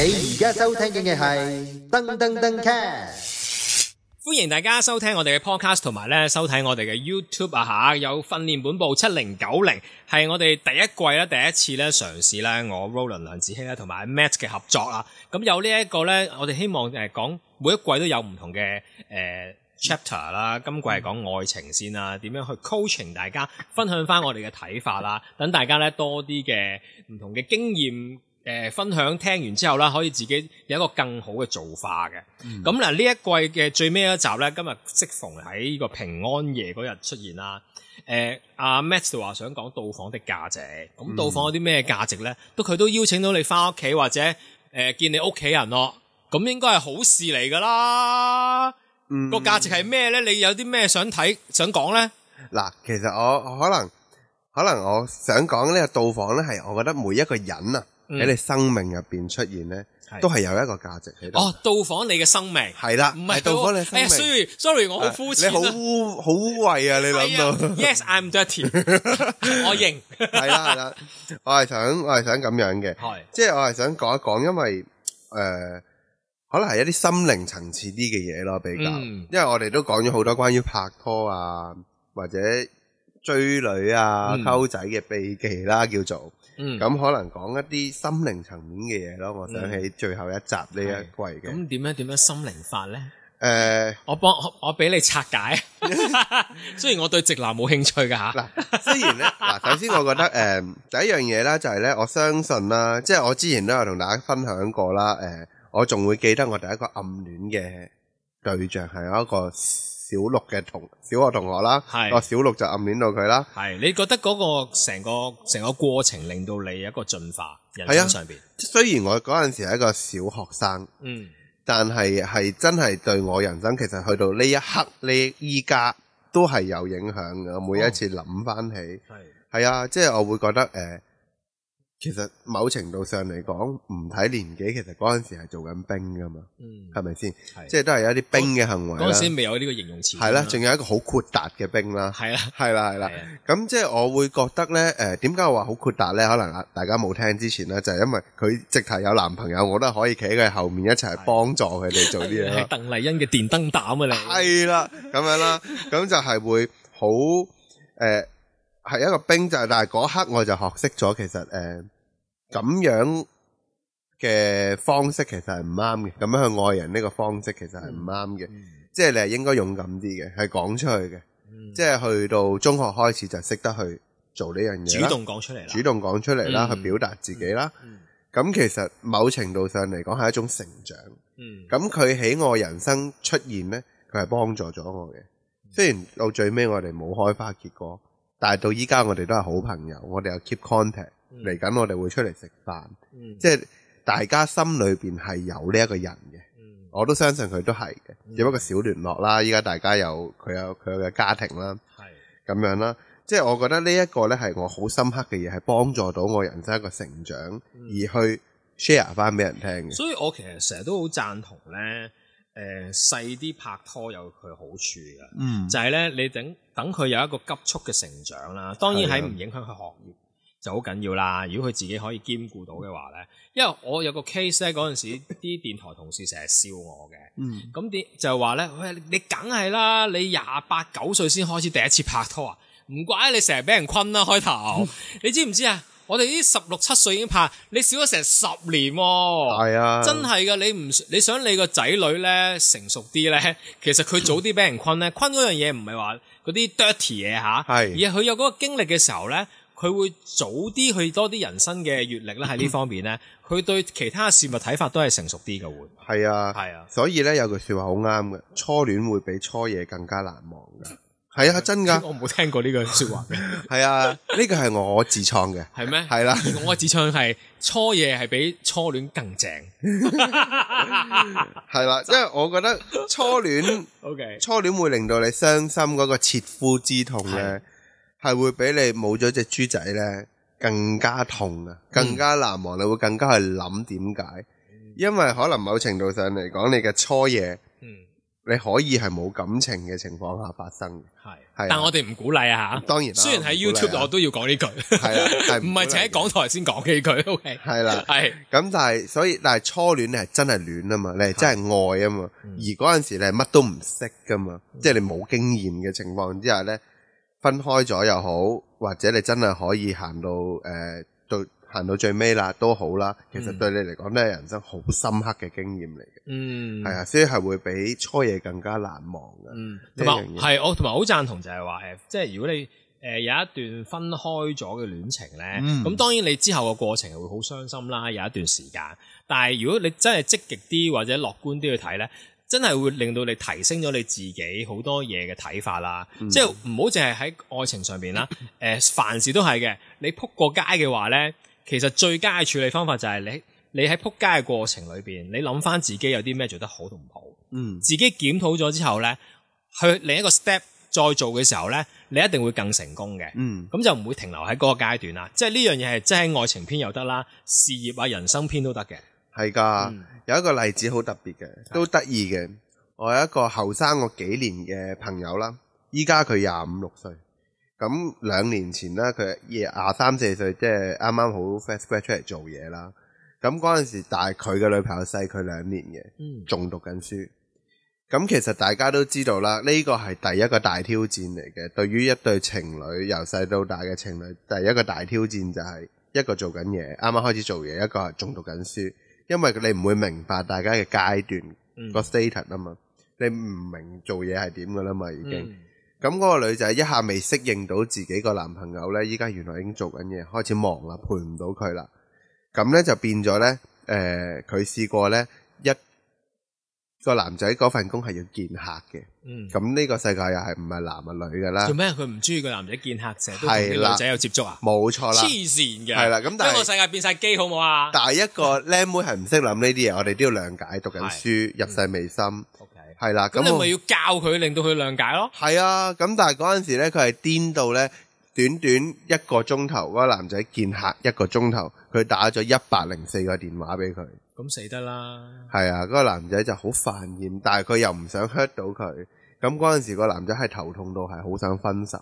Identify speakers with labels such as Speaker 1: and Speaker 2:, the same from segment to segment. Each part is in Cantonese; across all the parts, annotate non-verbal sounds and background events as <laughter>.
Speaker 1: 你而家收聽嘅係《噔登登 cast》，
Speaker 2: 歡迎大家收聽我哋嘅 podcast，同埋咧收睇我哋嘅 YouTube 啊吓。有訓練本部七零九零係我哋第一季啦，第一次咧嘗試咧我 Roland 梁子希咧同埋 Matt 嘅合作啦。咁有呢一個咧，我哋希望誒講每一季都有唔同嘅誒、呃、chapter 啦。今季係講愛情先啦，點樣去 coaching 大家分享翻我哋嘅睇法啦，等大家咧多啲嘅唔同嘅經驗。誒，分享聽完之後啦，可以自己有一個更好嘅做法嘅。咁嗱，呢一季嘅最尾一集呢，今日適逢喺呢個平安夜嗰日出現啦。誒、呃，阿 Matt 話想講到訪的價值。咁到訪有啲咩價值呢？都佢、嗯、都邀請到你翻屋企或者誒、呃、見你屋企人咯。咁應該係好事嚟噶啦。嗯、個價值係咩呢？你有啲咩想睇想講呢？
Speaker 1: 嗱，其實我可能可能我想講呢個到訪呢，係我覺得每一個人啊。喺你生命入邊出現咧，都係有一個價值喺度。哦，
Speaker 2: 到訪你嘅生命係啦，唔係到訪你嘅生命。哎呀，sorry，sorry，我好膚淺啊。你好污，
Speaker 1: 好污穢啊！你
Speaker 2: 諗到。Yes，I'm dirty。我認。係
Speaker 1: 啦係啦，我係想，我係想咁樣嘅，即係我係想講一講，因為誒，可能係一啲心靈層次啲嘅嘢咯，比較，因為我哋都講咗好多關於拍拖啊，或者。追女啊、溝仔嘅秘技啦，嗯、叫做咁可能講一啲心靈層面嘅嘢咯。我想起最後一集呢一
Speaker 2: 季嘅，咁點、嗯、樣點樣心靈法呢？誒、呃，我幫我俾你拆解。 <laughs> <laughs> 雖然我對直男冇興趣㗎。嚇。嗱，雖然
Speaker 1: 呢，嗱，首先我覺得誒、嗯、 <laughs> 第一樣嘢啦就係呢，我相信啦，即、就、係、是、我之前都有同大家分享過啦。誒、嗯，我仲會記得我第一個暗戀嘅對象係一個。小六嘅同小學同學啦，哦是，我小六就暗戀到佢啦。
Speaker 2: 係你覺得嗰個成個成個過程令到你一個進化人生上邊、
Speaker 1: 啊？雖然我嗰陣時係一個小學生，嗯，但係係真係對我人生其實去到呢一刻呢依家都係有影響嘅。哦、每一次諗翻起，係係是啊，即係我會覺得誒。呃其實某程度上嚟講，唔睇年紀，其實嗰陣時係做緊兵噶嘛，係咪先？吧的即係都係一啲兵嘅行為啦。嗰陣時
Speaker 2: 未有呢個形容詞的。係啦，仲有一個
Speaker 1: 好闊達嘅兵啦。係啦，係啦，係啦。咁即係我會覺得咧，誒、呃，點解我話好闊達咧？可能啊，大家冇聽之前咧，就係、是、因為佢直頭有男朋友，我都係可以企喺佢後面一齊幫助佢哋做啲嘢咯。
Speaker 2: 鄧麗欣嘅電燈膽啊，你
Speaker 1: 係啦，咁樣啦，咁 <laughs> 就係會好誒。呃係一個兵就，但係嗰刻我就學識咗，其實誒咁樣嘅方式其實係唔啱嘅。咁樣去愛人呢個方式其實係唔啱嘅，即係你係應該勇敢啲嘅，係講出去嘅。即係去到中學開始就識得去做呢樣嘢，主動講出嚟，主動講出嚟啦，去表達自己啦。咁其實某程度上嚟講係一種成長。咁佢喺我人生出現呢，佢係幫助咗我嘅。雖然到最尾我哋冇開花結果。但係到依家我哋都係好朋友，我哋有 keep contact。嚟緊我哋會出嚟食飯，嗯、即係大家心裏邊係有呢一個人嘅。嗯、我都相信佢都係嘅，只不過小聯絡啦。依家大家有佢有佢嘅家庭啦，咁是的 樣啦。即係我覺得呢一個咧係我好深刻嘅嘢，係幫助到我人生一個成長，嗯、而去 share 翻俾人聽嘅。所
Speaker 2: 以我其實成日都好贊同咧。誒細啲拍拖有佢好處嘅，嗯、就係咧你等等佢有一個急速嘅成長啦。當然係唔影響佢學業就好緊要啦。如果佢自己可以兼顧到嘅話咧，嗯、因為我有個 case 咧，嗰陣時啲電台同事成日笑我嘅，咁點，嗯、就話話咧，喂，你梗係啦，你廿八九歲先開始第一次拍拖啊，唔怪你成日俾人困啦開頭，你知唔知啊？我哋呢十六七歲已經拍，你少咗成十年喎、喔，是啊，真係㗎，你唔你想你個仔女咧成熟啲咧，其實佢早啲俾人困咧，困嗰樣嘢唔係話嗰啲 dirty 嘢吓，係是而係佢有嗰個經歷嘅時候咧，佢會早啲去多啲人生嘅閱歷咧，喺呢方面咧，佢 <coughs> 對其他事物睇法都係成熟啲嘅會，
Speaker 1: 係啊，是啊，所以咧有句說話好啱嘅，初戀會比初夜更加難忘㗎。」
Speaker 2: 係啊，真噶！我冇聽過呢句說話。
Speaker 1: 係啊，呢個係我自創嘅。
Speaker 2: 係咩？係啦，我自創係初夜係比初戀更正。係啦，即係
Speaker 1: 我覺得初戀，OK，初戀會令到你傷心嗰個切膚之痛咧，係會比你冇咗隻豬仔咧更加痛啊，更加難忘。你會更加去諗點解？因為可能某程度上嚟講，你嘅初夜，嗯。你可以係冇感情嘅情況下發生是的，但我哋唔鼓
Speaker 2: 勵啊嚇。當然啦，雖然喺 YouTube 我，我都要講呢句，係啊，唔係淨喺港台先講呢句，OK。係啦，係。
Speaker 1: 咁但係所以但係初戀你係真係戀啊嘛，你係真係愛啊嘛，的而嗰陣時你係乜都唔識噶嘛，即係的你冇經驗嘅情況之下咧，分開咗又好，或者你真係可以行到誒、呃、對行到最尾啦，都好啦。其實對你嚟講都係人生好深刻嘅經驗嚟嘅，係啊、嗯，所以係會比初夜更加難忘
Speaker 2: 嘅。同埋係我同埋好贊同就係話即係如果你誒有一段分開咗嘅戀情咧，咁、嗯、當然你之後嘅過程會會好傷心啦，有一段時間。但係如果你真係積極啲或者樂觀啲去睇咧，真係會令到你提升咗你自己好多嘢嘅睇法啦。即係唔好淨係喺愛情上面啦，咳咳凡事都係嘅。你撲過街嘅話咧～其實最佳嘅處理方法就係你你喺撲街嘅過程裏面，你諗翻自己有啲咩做得好同唔好，嗯，自己檢討咗之後呢，去另一個 step 再做嘅時候呢，你一定會更成功嘅，嗯，咁就唔會停留喺嗰個階段啦。即係呢樣嘢係真係愛情篇又得啦，事業啊人生篇都得嘅。
Speaker 1: 係㗎，有一個例子好特別嘅，都得意嘅。我有一個後生我幾年嘅朋友啦，依家佢廿五六歲。咁兩年前啦，佢廿三四歲，即係啱啱好 fresh graduate 出嚟做嘢啦。咁嗰陣時，佢嘅女朋友細佢兩年嘅，仲、嗯、讀緊書。咁其實大家都知道啦，呢、呢個係第一個大挑戰嚟嘅。對於一對情侶由細到大嘅情侶，第一個大挑戰就係一個做緊嘢，啱啱開始做嘢，一個係仲讀緊書。因為你唔會明白大家嘅階段個 status 啊嘛，你唔明做嘢係點噶啦嘛，已經。嗯。咁嗰個女仔一下未適應到自己個男朋友咧，依家，原來已經做緊嘢，開始忙啦，陪唔到佢啦。咁咧就變咗咧，誒，佢試過咧，一個男仔嗰份工係要見客嘅。嗯。咁呢個世界又係唔係男啊女噶啦？做咩？
Speaker 2: 佢唔中意個男仔見客，成日都同啲女仔
Speaker 1: 有接觸啊？冇錯啦。黐線嘅。係啦。咁但係一個世
Speaker 2: 界變晒機，好唔好啊？
Speaker 1: 但係一個僆妹係唔識諗呢啲嘢，我哋都要諒解，讀緊書，入世未深。係啦，咁你咪要
Speaker 2: 教佢，令到佢諒解咯。
Speaker 1: 係啊，咁但係嗰陣時咧，佢係癲到咧，短短一個鐘頭，嗰個男仔見客一個鐘頭，佢打咗一百零四個電話俾佢。咁死得啦！係啊，嗰個男仔就好煩厭，但係佢又唔想 hurt 到佢。咁嗰陣時，個男仔係頭痛到係好想分手。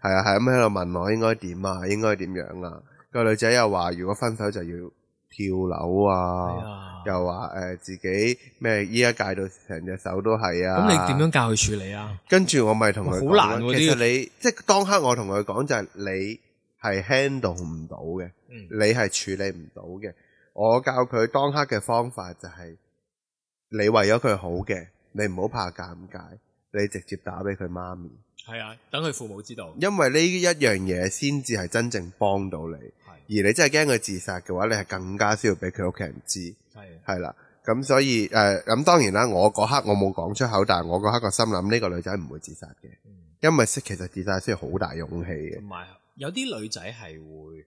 Speaker 1: 係，係啊，係咁喺度問我應該點啊，應該點樣啊？個女仔又話如果分手就要。跳樓啊！啊又話誒、呃，自己咩依家戒到成隻手都係啊！咁你點樣
Speaker 2: 教佢處理啊？
Speaker 1: 跟住我咪同佢講，難啊、其實你些即係當刻我同佢講就係你係 handle 唔到嘅，嗯、你係處理唔到嘅。我教佢當刻嘅方法就係，你為咗佢好嘅，你唔好怕尷尬。你直接打俾佢媽咪，
Speaker 2: 係啊，等佢父母知道。因
Speaker 1: 為呢一樣嘢先至係真正幫到你，的而你真係驚佢自殺嘅話，你係更加需要俾佢屋企人知，係係啦。咁所以誒，咁、呃、當然啦，我嗰刻我冇講出口，但係我嗰刻個心諗呢個女仔唔會自殺嘅，嗯、因為識其實自殺需要好
Speaker 2: 大勇氣嘅。同埋有啲女仔係會。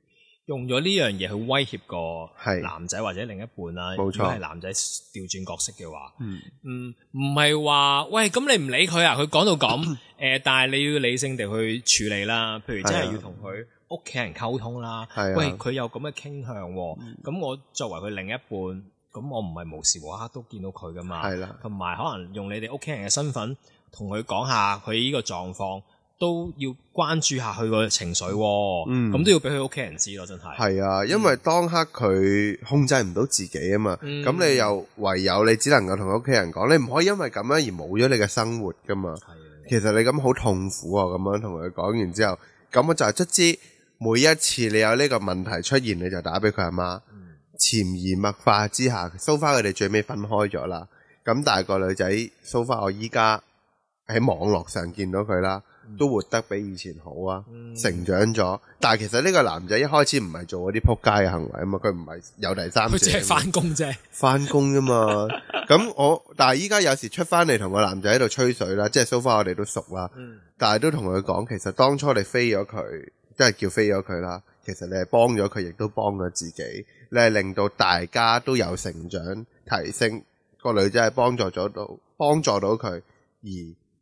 Speaker 2: 用咗呢樣嘢去威脅個男仔或者另一半啦、啊。如果係男仔調轉角色嘅話，嗯，嗯，唔係話喂咁你唔理佢啊？佢講到咁，誒，但係你要理性地去處理啦。譬如真係要同佢屋企人溝通啦。是啊、喂，佢有咁嘅傾向喎、啊，咁、嗯、我作為佢另一半，咁我唔係無時無刻都見到佢噶嘛。啦，同埋可能用你哋屋企人嘅身份同佢講下佢呢個狀況。都要關注下佢個情緒喎、哦，咁、嗯、都要俾佢屋企人知咯，真係。
Speaker 1: 係啊，因為當刻佢控制唔到自己啊嘛，咁、嗯、你又唯有你只能夠同佢屋企人講，你唔可以因為咁樣而冇咗你嘅生活噶嘛。的其實你咁好痛苦啊，咁樣同佢講完之後，咁我就係卒之每一次你有呢個問題出現，你就打俾佢阿媽。嗯、潛移默化之下，蘇花佢哋最尾分開咗啦。咁但係個女仔蘇花，so、我依家喺網絡上見到佢啦。都活得比以前好啊，嗯、成長咗。但其實呢個男仔一開始唔係做嗰啲撲街嘅行為啊嘛，佢唔係有第三者，佢只係翻工啫，翻工啫嘛。咁我但係依家有時出翻嚟同個男仔喺度吹水啦，即係 so far 我哋都熟啦，嗯、但係都同佢講，其實當初你飛咗佢，即係叫飛咗佢啦。其實你係幫咗佢，亦都幫咗自己。你係令到大家都有成長提升，個女仔係幫助咗到，幫助到佢而。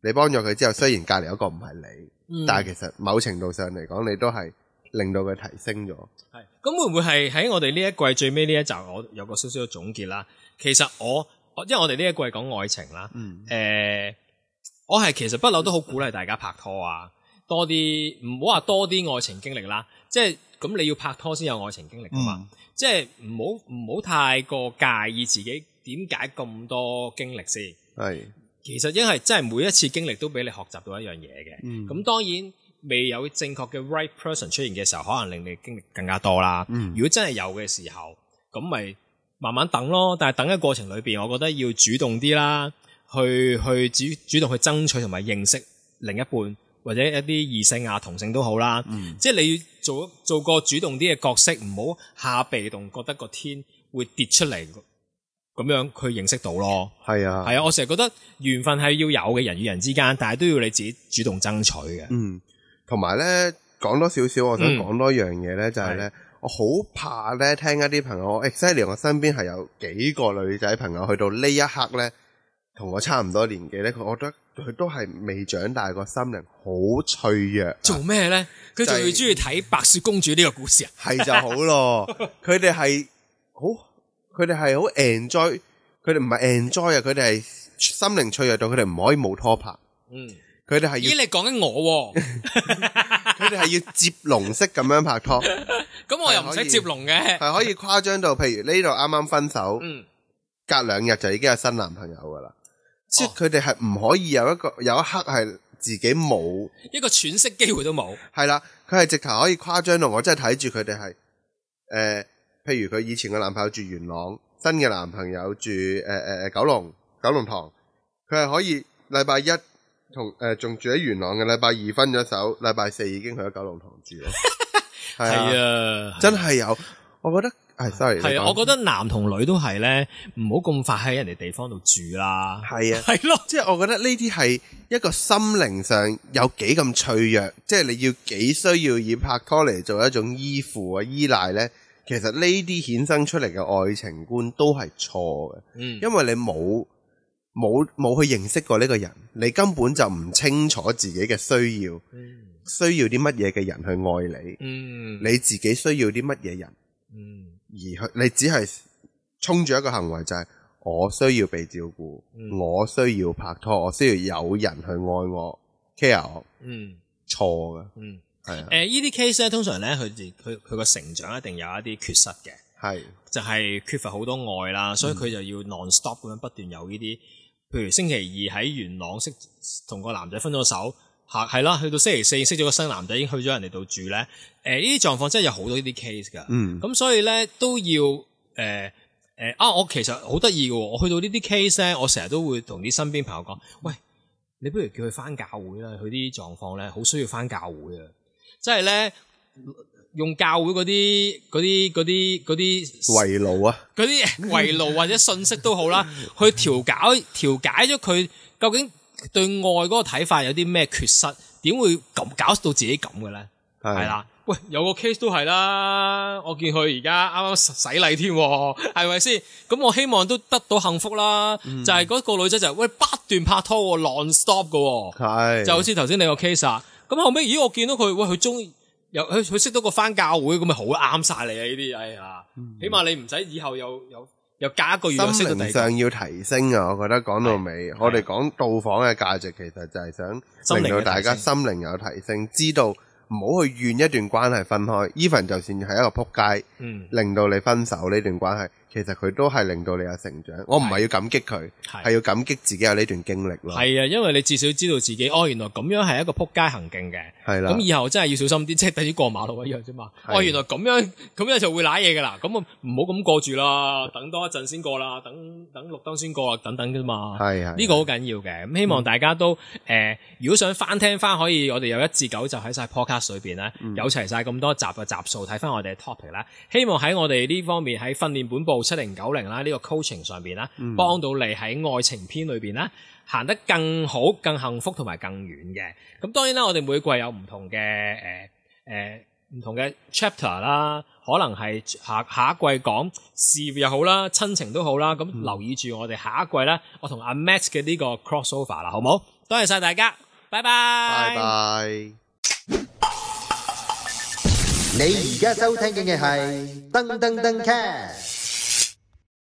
Speaker 1: 你幫咗佢之後，雖然隔離一個唔係你，嗯、但係其實某程度上嚟講，你都係令到佢提升咗。係，
Speaker 2: 咁會唔會係喺我哋呢一季最尾呢一集，我有個少少嘅總結啦。其實我，因為我哋呢一季講愛情啦，嗯欸、我係其實不嬲都好鼓勵大家拍拖啊，多啲唔好話多啲愛情經歷啦。即係咁，你要拍拖先有愛情經歷㗎嘛。即係唔好唔好太過介意自己點解咁多經歷先係其實因為真係每一次經歷都俾你學習到一樣嘢嘅，咁、嗯、當然未有正確嘅 right person 出現嘅時候，可能令你經歷更加多啦。嗯、如果真係有嘅時候，咁咪慢慢等咯。但係等嘅過程裏面，我覺得要主動啲啦，去去主主動去爭取同埋認識另一半或者一啲異性啊同性都好啦。嗯、即係你要做做個主動啲嘅角色，唔好下被動，覺得個天會跌出嚟。咁樣佢認識到咯，係啊，係啊，我成日覺得緣分係要有嘅人與人之間，但係都要你自己主動爭取嘅。嗯，同埋呢，
Speaker 1: 講多少少，我想講多樣嘢、嗯、呢，就係
Speaker 2: 呢：我好怕呢，聽一
Speaker 1: 啲朋友，我 actually 我身邊係有幾個女仔朋友，去到呢一刻呢，同我差唔多年紀呢，佢覺得佢都係未長大個心靈，好脆弱。
Speaker 2: 做咩呢？佢仲要中意睇白雪公主呢個故事啊？係就好咯，
Speaker 1: 佢哋係好。 <laughs> 佢哋係好 enjoy，佢哋唔係 enjoy 啊！佢哋係心靈脆弱到，佢哋唔可以冇拖拍。嗯，佢哋係咦？你
Speaker 2: 講緊我、啊？
Speaker 1: 佢哋係要接龍式咁樣拍拖。
Speaker 2: 咁、嗯、我又唔使接龍嘅。係可以誇
Speaker 1: 張到，譬如呢度啱啱分手，
Speaker 2: 嗯、
Speaker 1: 隔兩日就已經有新男朋友噶啦。即係佢哋係唔可以有一個有一刻係自己冇
Speaker 2: 一個喘息機會都冇。
Speaker 1: 係啦，佢係直頭可以誇張到，我真係睇住佢哋係誒。呃譬如佢以前嘅男朋友住元朗，新嘅男朋友住誒誒、呃、九龍九龍塘，佢係可以禮拜一同誒仲、呃、住喺元朗嘅，禮拜二分咗手，禮拜四已經去咗九龍塘住咯。
Speaker 2: 係 <laughs> 啊，是啊真係有。是啊、我覺得係、哎、sorry，係、啊、你說我覺得男同女都係咧，唔好咁快喺人哋地方度住啦。係啊，係咯，
Speaker 1: 即係我覺得呢啲係一個心靈上有幾咁脆弱，即、就、係、是、你要幾需要以拍拖嚟做一種依附啊依賴咧。其實呢啲衍生出嚟嘅愛情觀都係錯嘅。嗯、因為你冇冇冇去認識過呢個人，你根本就唔清楚自己嘅需要，嗯、需要啲乜嘢嘅人去愛你，嗯、你自己需要啲乜嘢人，嗯、而去你只係衝住一個行為就係我需要被照顧，嗯、我需要拍拖，我需要有人去愛我 care 我，錯嘅。嗯的
Speaker 2: 誒是、呃、呢啲 case 咧，通常咧佢佢佢個成長一定有一啲缺失嘅，係是的 就係缺乏好多愛啦，所以佢就要 non-stop 咁樣不斷有呢啲，嗯、譬如星期二喺元朗識同個男仔分咗手，係啦，去到星期四識咗個新男仔，已經去咗人哋度住咧。誒呢啲狀況真係有好多呢啲 case 㗎，嗯，咁所以咧都要誒、呃呃、啊！我其實好得意嘅，我去到呢啲 case 咧，我成日都會同啲身邊朋友講：喂，你不如叫佢返教會啦，佢啲狀況咧好需要返教會啊！即係咧，用教會嗰啲、嗰啲、嗰啲、嗰啲圍路啊，嗰啲圍路或者信息都好啦， <laughs> 去調解調解咗佢究竟對外嗰個睇法有啲咩缺失，點會咁搞，搞到自己咁嘅咧？係啦是、啊啊，喂，有個 case 都係啦，我見佢而家啱啱洗禮添，係咪先？咁我希望都得到幸福啦，嗯、就係嗰個女仔就是、喂不斷拍拖，non-stop 㗎係，
Speaker 1: 就好似
Speaker 2: 頭先你個 case 啊。咁後尾，咦！我見到佢，喂，佢中又佢佢識到個返教會，咁咪好啱晒你啊！呢啲，嘢、哎，呀，嗯、起碼你唔使以後又又又隔一個月。心靈上
Speaker 1: 要提升啊！我覺得講到尾，我哋講到訪嘅價值，其實就係想令到大家心靈有提升，知道唔好去怨一段關係分開。Even 就算係一個撲街，嗯，令到你分手呢段關係。其實佢都係令到你有成長，我唔係要感激佢，係要感激自己有呢段經歷咯。係
Speaker 2: 啊，因為你至少知道自己，哦，原來咁樣係一個撲街行徑嘅，係啦。咁以後真係要小心啲，即係等於過馬路一樣啫嘛。是的 哦，原來咁樣咁樣就會瀨嘢噶啦，咁啊唔好咁過住啦，等多一陣先過啦，等等綠燈先過啊，等等㗎嘛。係係是的，呢個好緊要嘅。咁希望大家都誒、呃，如果想翻聽翻，可以我哋有一至九就喺晒 podcast 裏邊咧，嗯、有齊晒咁多集嘅集數，睇翻我哋嘅 topic 啦。希望喺我哋呢方面喺訓練本部。七零九零啦，呢個 coaching 上邊啦，幫到你喺愛情片裏邊啦，行得更好，更幸福同埋更遠嘅。咁當然啦，我哋每季有唔同嘅誒誒唔同嘅 chapter 啦，可能係下下一季講事業又好啦，親情都好啦。咁留意住我哋下一季啦，我同阿 Matt 嘅呢個 crossover 啦，好唔好？多謝晒大家，拜拜。拜
Speaker 1: 拜。你而家收聽緊嘅係燈登登 Cast。